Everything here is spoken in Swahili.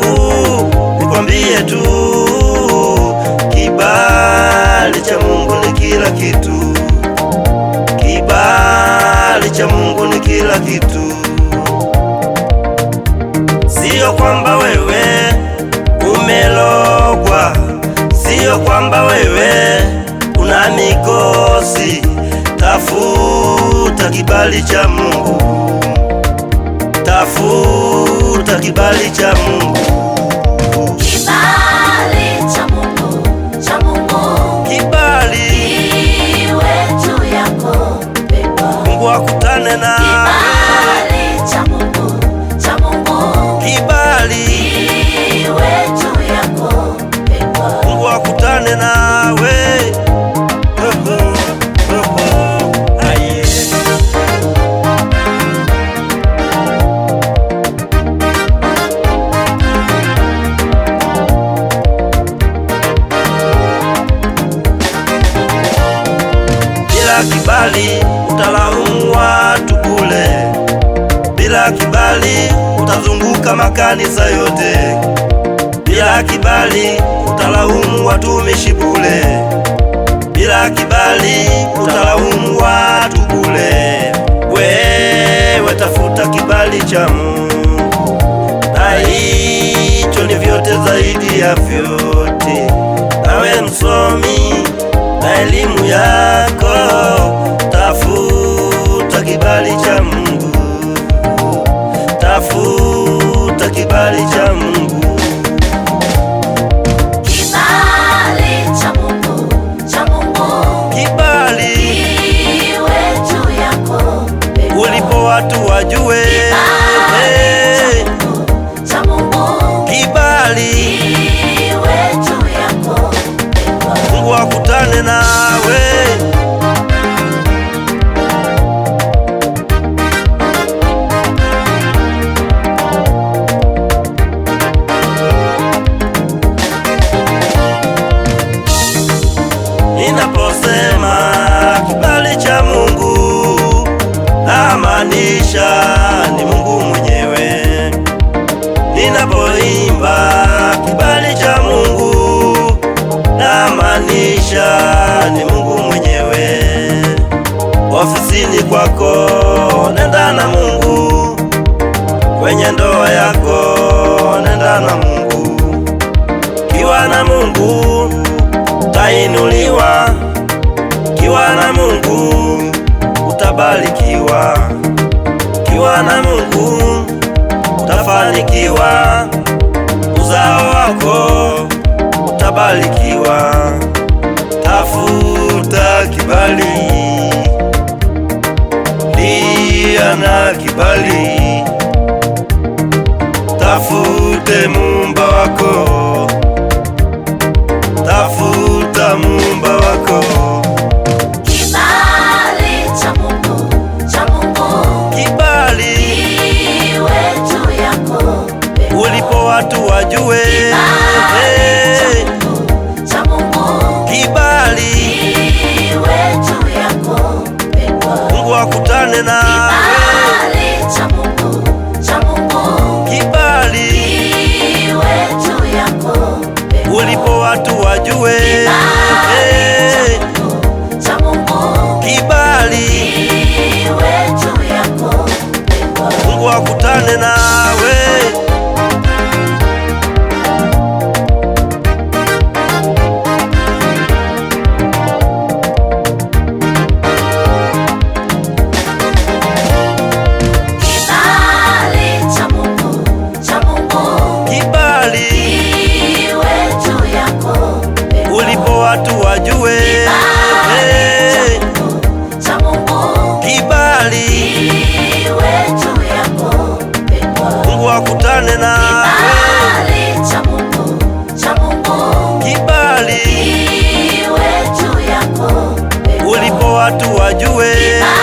yangu, nikwambie tu kibali cha Mungu ni kila kitu, kibali cha Mungu ni kila kitu. Siyo kwamba wewe umelogwa, siyo kwamba wewe una mikosi. Tafuta kibali cha Mungu tafuta kibali cha Mungu. kibali utalaumu watu kule, bila kibali utazunguka makanisa yote, bila kibali utalaumu watumishi bule bila kibali utalaumu watu kule. Wewe tafuta kibali cha Mungu, na hicho ni vyote zaidi ya vyote. Nawe msomi na elimu yako our way. nyumbani kwako, nenda na Mungu. Kwenye ndoa yako, nenda na Mungu. Kiwa na Mungu utainuliwa, kiwa na Mungu utabarikiwa, kiwa na Mungu utafanikiwa, uzao wako utabarikiwa. na kibali, tafute mumba wako ulipo watu wajue. watu wajue